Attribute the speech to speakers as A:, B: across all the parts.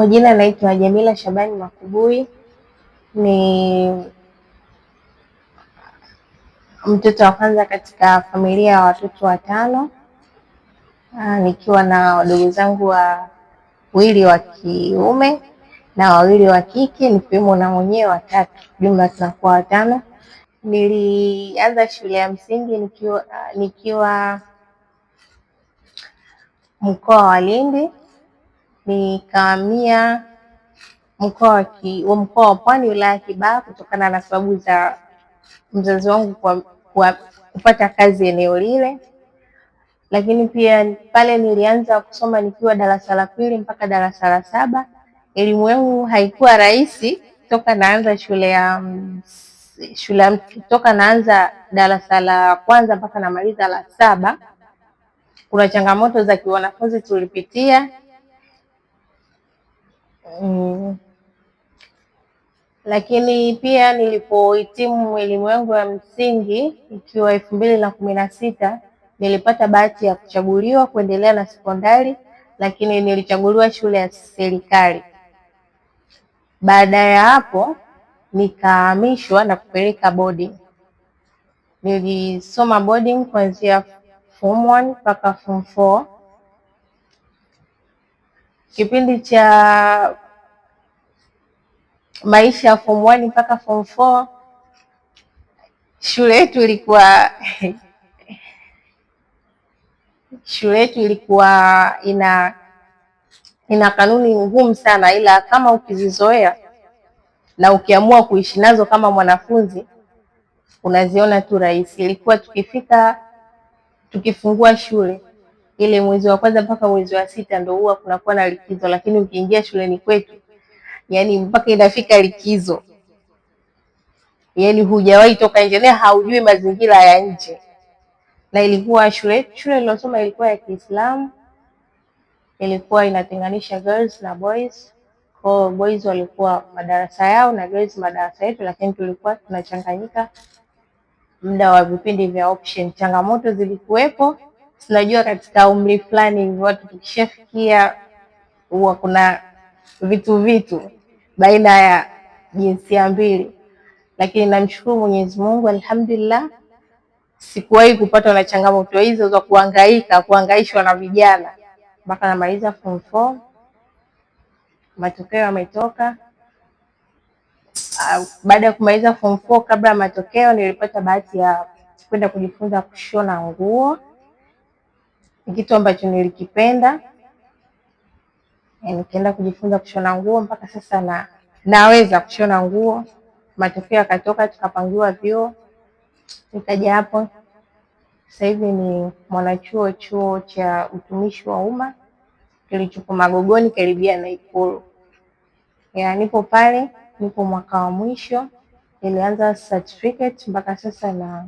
A: Kwa jina naitwa Jamila Shabani Makubui, ni mtoto wa kwanza katika familia ya watoto watano, ah, nikiwa na wadogo zangu wawili wa kiume na wawili wa kike, nikiwemo na mwenyewe watatu, jumla tunakuwa watano. Nilianza shule ya msingi nikiwa, ah, nikiwa mkoa wa Lindi nikahamia mkoa wa mkoa wa Pwani wilaya ya Kibaha kutokana na sababu za mzazi wangu kwa, kwa, kupata kazi eneo lile, lakini pia pale nilianza kusoma nikiwa darasa la pili mpaka darasa la saba. Elimu yangu haikuwa rahisi toka naanza shule ya shule toka naanza darasa la kwanza mpaka namaliza la saba. Kuna changamoto za kiwanafunzi tulipitia mm. Lakini pia nilipohitimu elimu yangu ya msingi ikiwa elfu mbili na kumi na sita nilipata bahati ya kuchaguliwa kuendelea na sekondari, lakini nilichaguliwa shule ya serikali. Baada ya hapo nikahamishwa na kupeleka boarding. Nilisoma boarding kuanzia form 1 mpaka form kipindi cha maisha ya form 1 mpaka form 4 shule yetu ilikuwa shule yetu ilikuwa ina ina kanuni ngumu sana, ila kama ukizizoea na ukiamua kuishi nazo kama mwanafunzi unaziona tu rahisi. Ilikuwa tukifika tukifungua shule ile mwezi wa kwanza mpaka mwezi wa sita ndio huwa kunakuwa na likizo, lakini ukiingia shuleni kwetu, yani mpaka inafika likizo, yani hujawahi toka nje na yaani haujui mazingira ya nje. Na ilikuwa shule shule nilosoma ilikuwa ya Kiislamu, ilikuwa inatenganisha girls na boys. Kwa boys walikuwa madarasa yao na girls madarasa yetu, lakini tulikuwa tunachanganyika muda wa vipindi vya option. Changamoto zilikuwepo Tunajua katika umri fulani hivi watu tukishafikia, huwa kuna vitu vitu baina ya jinsia mbili, lakini namshukuru Mwenyezi Mungu, alhamdulillah, sikuwahi kupatwa na changamoto hizo za kuangaika kuangaishwa na vijana mpaka namaliza form four, matokeo yametoka. Ah, baada ya kumaliza form four, kabla ya matokeo, nilipata bahati ya kwenda kujifunza kushona nguo ni kitu ambacho nilikipenda, eh, nikaenda kujifunza kushona nguo mpaka sasa na naweza kushona nguo. Matokeo yakatoka, tukapangiwa vyuo, nikaja hapo. Sasa hivi ni mwanachuo chuo cha utumishi wa umma kilichopo Magogoni karibia na Ikulu. Ya, nipo pale, nipo mwaka wa mwisho, nilianza certificate mpaka sasa na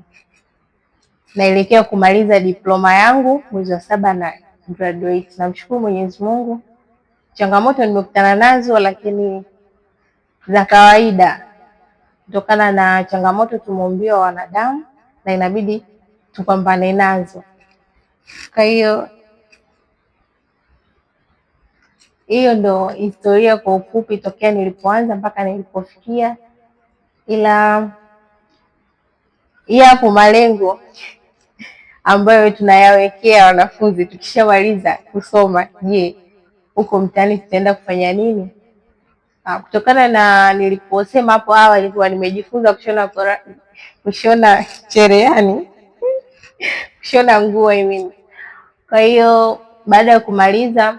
A: naelekea kumaliza diploma yangu mwezi wa saba na graduate. Namshukuru Mwenyezi Mungu, changamoto nimekutana nazo, lakini za kawaida. Kutokana na changamoto tumeumbiwa wanadamu, na inabidi tupambane nazo. Kwa hiyo hiyo ndo historia kwa ufupi, tokea nilipoanza mpaka nilipofikia, ila yapo malengo ambayo tunayawekea wanafunzi tukishamaliza kusoma. Je, huko mtaani tutaenda kufanya nini? Ha, ah, kutokana na niliposema hapo awali kuwa nimejifunza kushona kora, kushona cherehani kushona nguo mimi. Kwa hiyo baada ya kumaliza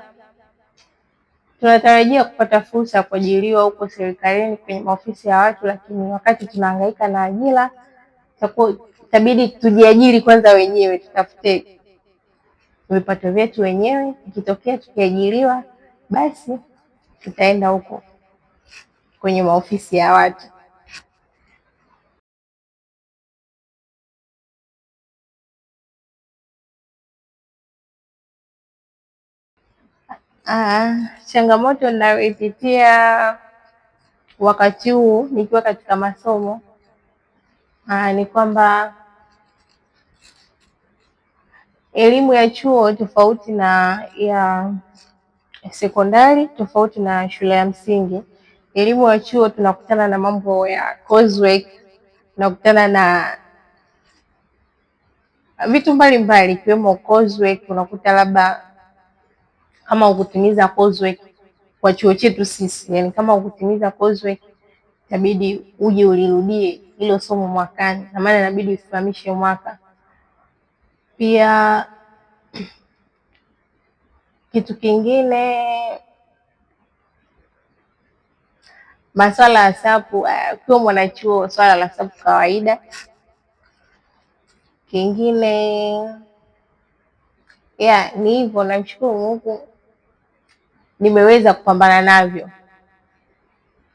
A: tunatarajia kupata fursa ya kuajiriwa huko serikalini kwenye maofisi ya watu, lakini wakati tunahangaika na ajira tutakuwa itabidi tujiajiri kwanza wenyewe, tutafute vipato vyetu wenyewe. Ikitokea tukiajiriwa, basi tutaenda huko kwenye maofisi ya watu. Ah, changamoto ninayoipitia wakati huu nikiwa katika masomo ah, ni kwamba Elimu ya chuo tofauti na ya sekondari, tofauti na shule ya msingi. Elimu ya chuo tunakutana na mambo ya coursework, tunakutana na vitu mbalimbali ikiwemo coursework. Unakuta labda kama ukutimiza coursework kwa chuo chetu sisi, yani kama ukutimiza coursework itabidi uje ulirudie hilo somo mwakani, na maana inabidi usimamishe mwaka pia kitu kingine maswala ya sapu akiwa eh, mwanachuo, swala la sapu kawaida. Kingine ya ni hivyo, namshukuru Mungu nimeweza kupambana navyo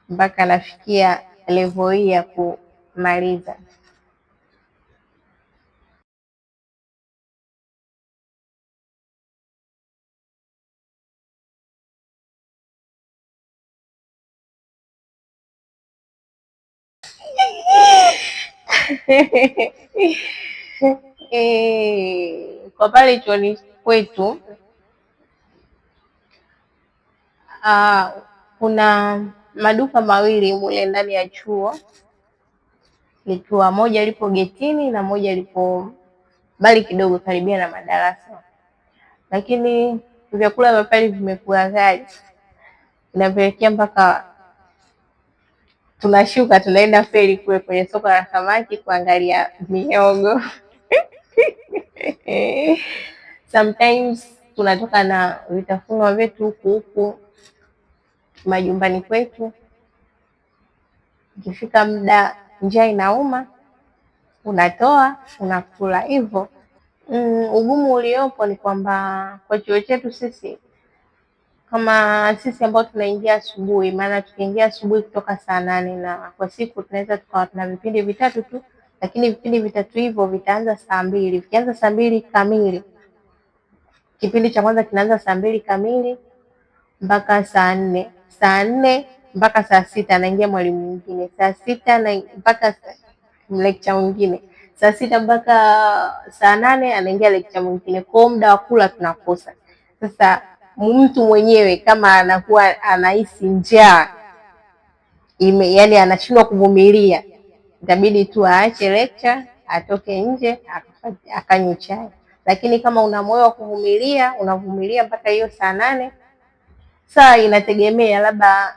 A: mpaka nafikia levo hii ya kumaliza. kwa pale chuoni kwetu uh, kuna maduka mawili mule ndani ya chuo likiwa moja lipo getini na moja lipo bali kidogo karibia na madarasa, lakini vyakula vya pale vimekuwa ghali, inapelekea mpaka tunashuka tunaenda feri kule kwenye soko la samaki kuangalia miogo sometimes tunatoka na vitafunwa vyetu huku huku majumbani kwetu. ukifika muda njaa inauma, unatoa unakula hivyo. Mm, ugumu uliopo ni kwamba kwa chuo chetu sisi kama sisi ambao tunaingia asubuhi, maana tukiingia asubuhi kutoka saa nane na kwa siku tunaweza tukawa tuna vipindi vitatu tu, lakini vipindi vitatu hivyo vitaanza saa mbili. Vikianza saa mbili kamili, kipindi cha kwanza kinaanza saa mbili kamili mpaka saa nne. Saa nne mpaka saa sita anaingia mwalimu mwingine, saa sita mpaka lecture mwingine saa sita mpaka saa nane anaingia lecture mwingine. Kwa muda wa kula tunakosa sasa mtu mwenyewe kama anakuwa anahisi njaa ime, yani anashindwa kuvumilia, itabidi tu aache lecture atoke nje akanywe chai. Lakini kama una moyo wa kuvumilia, unavumilia mpaka hiyo saa nane. Saa inategemea labda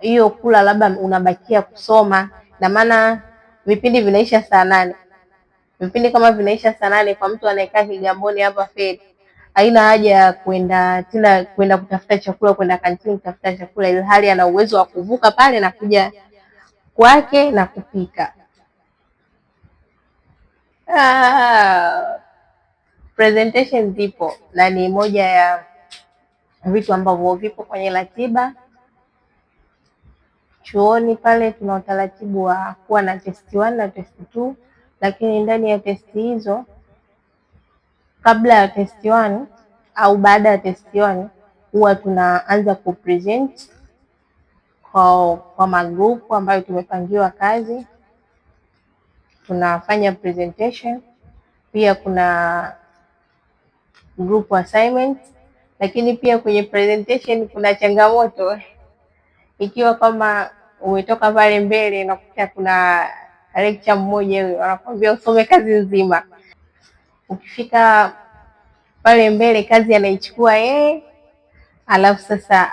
A: hiyo kula, labda unabakia kusoma, na maana vipindi vinaisha saa nane. Vipindi kama vinaisha saa nane, kwa mtu anayekaa Kigamboni hapa Fedi haina haja ya kwenda tena kwenda kutafuta chakula, kwenda kantini kutafuta chakula, ili hali ana uwezo wa kuvuka pale na kuja kwake na kupika. Ah, presentation zipo na ni moja ya vitu ambavyo vipo kwenye ratiba. Chuoni pale tuna utaratibu wa kuwa na test 1 na test 2, lakini ndani ya testi hizo kabla ya test 1 au baada ya test one huwa tunaanza present kwa, kwa magrupu ambayo tumepangiwa kazi, tunafanya presentation. Pia kuna group assignment, lakini pia kwenye presentation kuna changamoto ikiwa kama umetoka pale mbele, unakuta kuna lecture mmoja huyo anakuambia usome kazi nzima ukifika pale mbele kazi anaichukua yeye, alafu sasa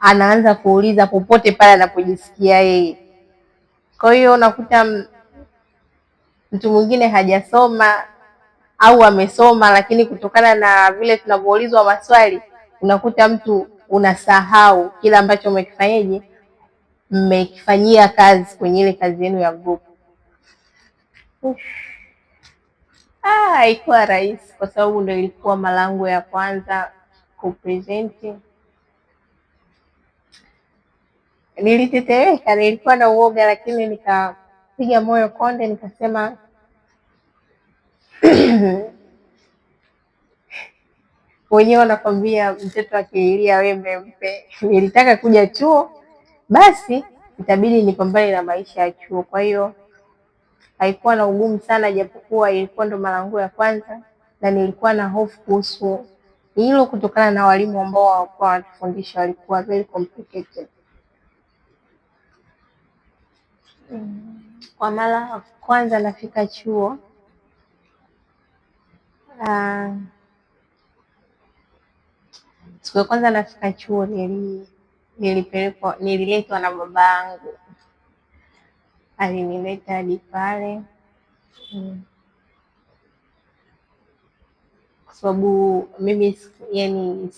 A: anaanza kuuliza popote pale anapojisikia yeye. Kwa hiyo unakuta mtu mwingine hajasoma au amesoma, lakini kutokana na vile tunavyoulizwa maswali, unakuta mtu unasahau kile ambacho umekifanyaje, mmekifanyia kazi kwenye ile kazi yenu ya group. Ah, haikuwa rahisi kwa sababu ndo ilikuwa mara yangu ya kwanza kupresenti. Nilitetereka, nilikuwa na uoga, lakini nikapiga moyo konde, nikasema wenyewe wanakwambia mtoto akililia wembe mpe. Nilitaka kuja chuo, basi itabidi nipambane na maisha ya chuo, kwa hiyo haikuwa na ugumu sana, japokuwa ilikuwa ndo mara yangu ya kwanza na nilikuwa na hofu kuhusu hilo kutokana na walimu ambao hawakuwa wanatufundisha, walikuwa very complicated. Kwa mara ya kwanza nafika chuo uh, siku ya kwanza nafika chuo nili nilipelekwa nililetwa na baba yangu alinileta hadi pale mm. Kwa sababu mimi yani,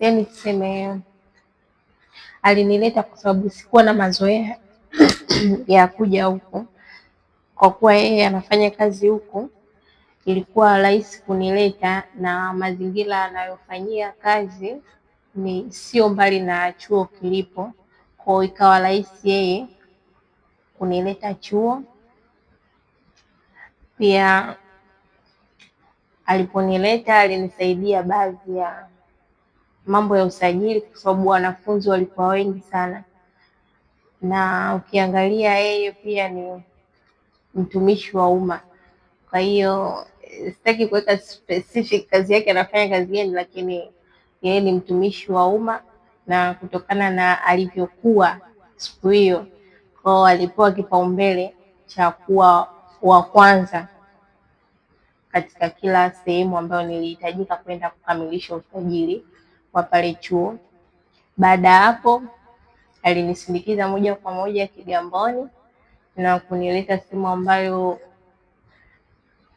A: yani tuseme alinileta kwa sababu sikuwa na mazoea ya kuja huku. Kwa kuwa yeye anafanya kazi huku, ilikuwa rahisi kunileta, na mazingira anayofanyia kazi ni sio mbali na chuo kilipo Kwao ikawa rahisi yeye kunileta chuo. Pia aliponileta alinisaidia baadhi ya mambo ya usajili, kwa sababu wanafunzi walikuwa wengi sana, na ukiangalia yeye pia ni mtumishi wa umma. Kwa hiyo sitaki kuweka specific kazi yake anafanya kazi gani, lakini yeye ni mtumishi wa umma na kutokana na alivyokuwa siku hiyo, kwao alipewa kipaumbele cha kuwa wa kwanza katika kila sehemu ambayo nilihitajika kwenda kukamilisha usajili wa pale chuo. Baada ya hapo, alinisindikiza moja kwa moja Kigamboni na kunileta sehemu ambayo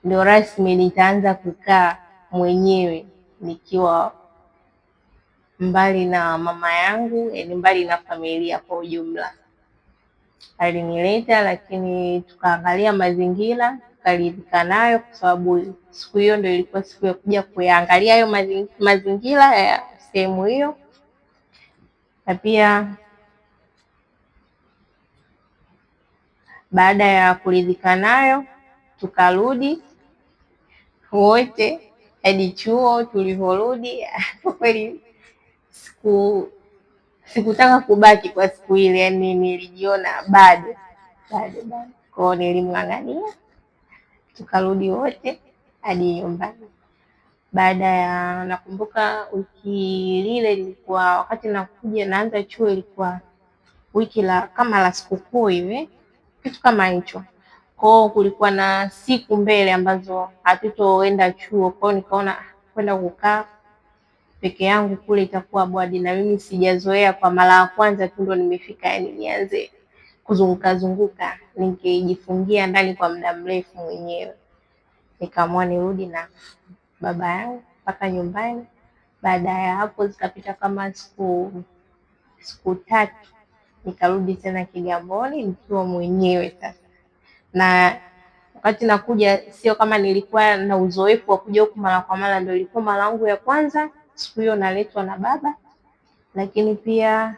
A: ndio rasmi nitaanza kukaa mwenyewe nikiwa mbali na mama yangu, yani mbali na familia kwa ujumla. Alinileta lakini tukaangalia mazingira, tukaridhika nayo, kwa sababu siku hiyo ndio ilikuwa siku ya kuja kuyaangalia hayo mazingira ya sehemu hiyo, na pia baada ya kuridhika nayo tukarudi wote hadi chuo. Tulivyorudi kweli siku sikutaka kubaki kwa siku ile, yani nilijiona bado bado bado kwao, nilimng'ang'ania tukarudi wote hadi nyumbani. Baada ya nakumbuka wiki lile ilikuwa wakati nakuja naanza chuo, ilikuwa wiki la kama la sikukuu hivi kitu kama hicho kwao, kulikuwa na siku mbele ambazo hatutoenda chuo kwao, nikaona kwenda kukaa peke yangu kule itakuwa bwadi, na mimi sijazoea. Kwa mara ya kwanza tu ndo nimefika, yani nianze kuzunguka zunguka, nikijifungia ndani kwa muda mrefu mwenyewe. Nikaamua nirudi na baba yangu mpaka nyumbani. Baada ya hapo zikapita kama siku siku tatu, nikarudi tena Kigamboni nikiwa mwenyewe sasa. Na wakati nakuja, sio kama nilikuwa na uzoefu wa kuja huku mara kwa mara, ndio ilikuwa mara yangu ya kwanza siku hiyo naletwa na baba, lakini pia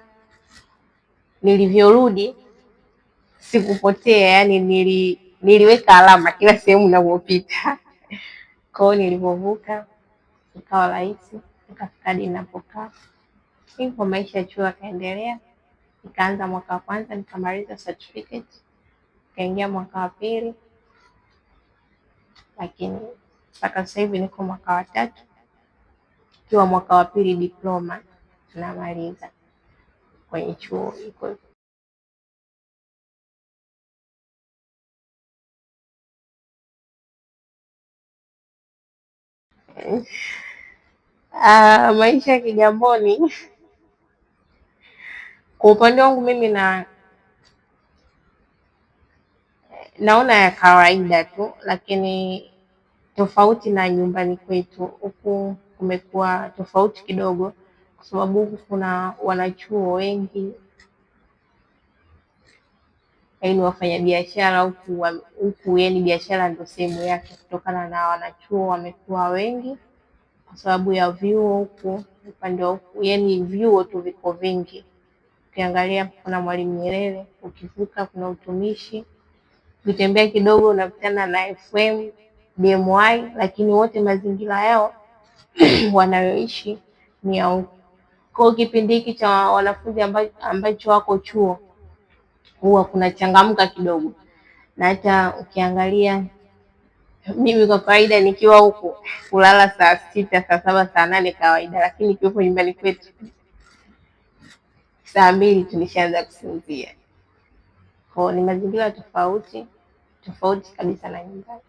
A: nilivyorudi sikupotea, yani nili, niliweka alama kila sehemu ninavyopita. Kwa hiyo nilivyovuka ikawa rahisi, nikafika hadi ninapokaa. Hivyo maisha ya chuo yakaendelea, nikaanza mwaka wa kwanza nikamaliza certificate, nikaingia mwaka wa pili, lakini mpaka sasa hivi niko mwaka wa tatu nikiwa mwaka wa pili diploma namaliza kwenye chuo hiko. Uh, ah, maisha ya Kigamboni kwa upande wangu mimi na naona ya kawaida tu, lakini tofauti na nyumbani kwetu huku kumekuwa tofauti kidogo, kwa sababu huku kuna wanachuo wengi, yaani wafanyabiashara huku, huku yaani biashara ndio sehemu yake, kutokana na wanachuo wamekuwa wengi kwa sababu ya vyuo huku upande wa huku, yaani vyuo tu viko vingi. Ukiangalia kuna Mwalimu Nyerere, ukivuka kuna utumishi, ukitembea kidogo unakutana na FM, DMY, lakini wote mazingira yao wanayoishi ni ya Kwa Kipindi hiki cha wanafunzi ambacho wako chuo huwa kuna changamka kidogo, na hata ukiangalia mimi kwa kawaida nikiwa huku kulala saa sita saa saba saa nane kawaida, lakini ikiwepo nyumbani kwetu saa mbili tulishaanza kusinzia. Kwao ni mazingira tofauti tofauti kabisa na nyumbani.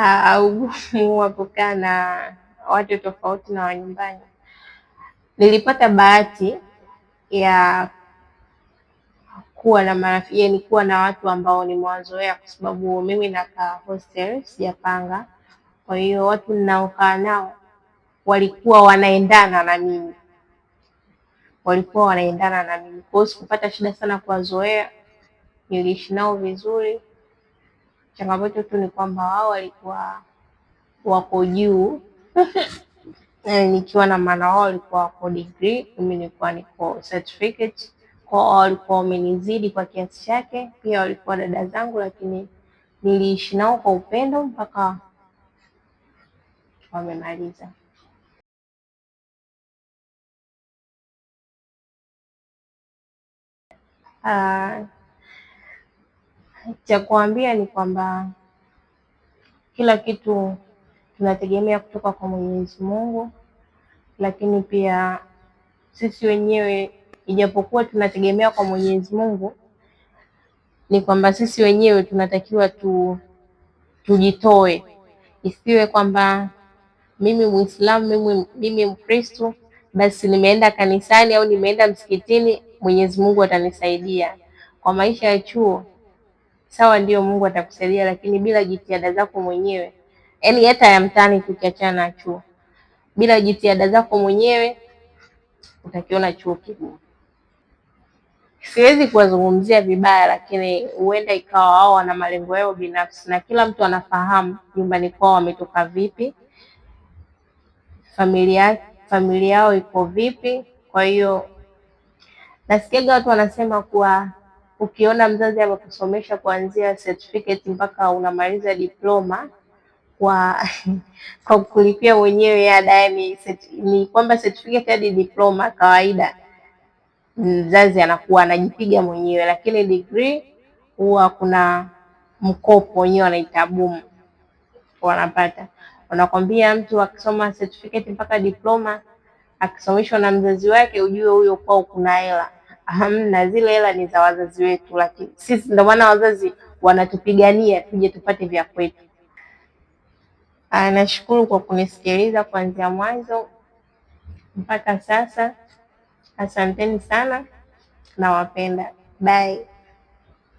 A: Ah, augumu wa kukaa na watu tofauti na wanyumbani. Nilipata bahati ya kuwa na marafiki, yani kuwa na watu ambao nimewazoea, kwa sababu mimi nakaa hostel, sijapanga. Kwa hiyo watu ninaokaa nao walikuwa wanaendana na mimi, walikuwa wanaendana na mimi, kwa hiyo sikupata shida sana kuwazoea, niliishi nao vizuri Changamoto tu ni kwamba wao walikuwa wako juu nikiwa na maana wao walikuwa wako degree, mimi nilikuwa niko certificate, kwa wao walikuwa wamenizidi kwa kiasi chake. Pia walikuwa dada zangu, lakini niliishi nao kwa upendo mpaka wamemaliza. Uh, cha kuambia ni kwamba kila kitu tunategemea kutoka kwa Mwenyezi Mungu, lakini pia sisi wenyewe ijapokuwa tunategemea kwa Mwenyezi Mungu, ni kwamba sisi wenyewe tunatakiwa tu tujitoe, isiwe kwamba mimi Muislamu, mimi, mimi Mkristo, basi nimeenda kanisani au nimeenda msikitini, Mwenyezi Mungu atanisaidia. Kwa maisha ya chuo sawa, ndio Mungu atakusaidia, lakini bila jitihada zako mwenyewe, yani hata ya mtani tukiachana na chuo, bila jitihada zako mwenyewe utakiona chuo kigumu. Siwezi kuwazungumzia vibaya, lakini huenda ikawa wao wana malengo yao binafsi, na kila mtu anafahamu nyumbani kwao wametoka vipi, familia familia yao iko vipi. Kwa hiyo nasikiaga watu wanasema kuwa Ukiona mzazi amekusomesha kuanzia certificate mpaka unamaliza diploma kwa kwa kulipia mwenyewe ada, yaani ni kwamba certificate hadi diploma kawaida mzazi anakuwa anajipiga mwenyewe, lakini degree huwa kuna mkopo wenyewe wanaita wanapata wanakwambia mtu akisoma certificate mpaka diploma akisomeshwa na mzazi wake, ujue huyo kwao kuna hela hamna, zile hela ni za wazazi wetu, lakini sisi ndio maana wazazi wanatupigania tuje tupate vya kwetu. Ah, nashukuru kwa kunisikiliza kuanzia mwanzo mpaka sasa. Asanteni sana, nawapenda. Bye.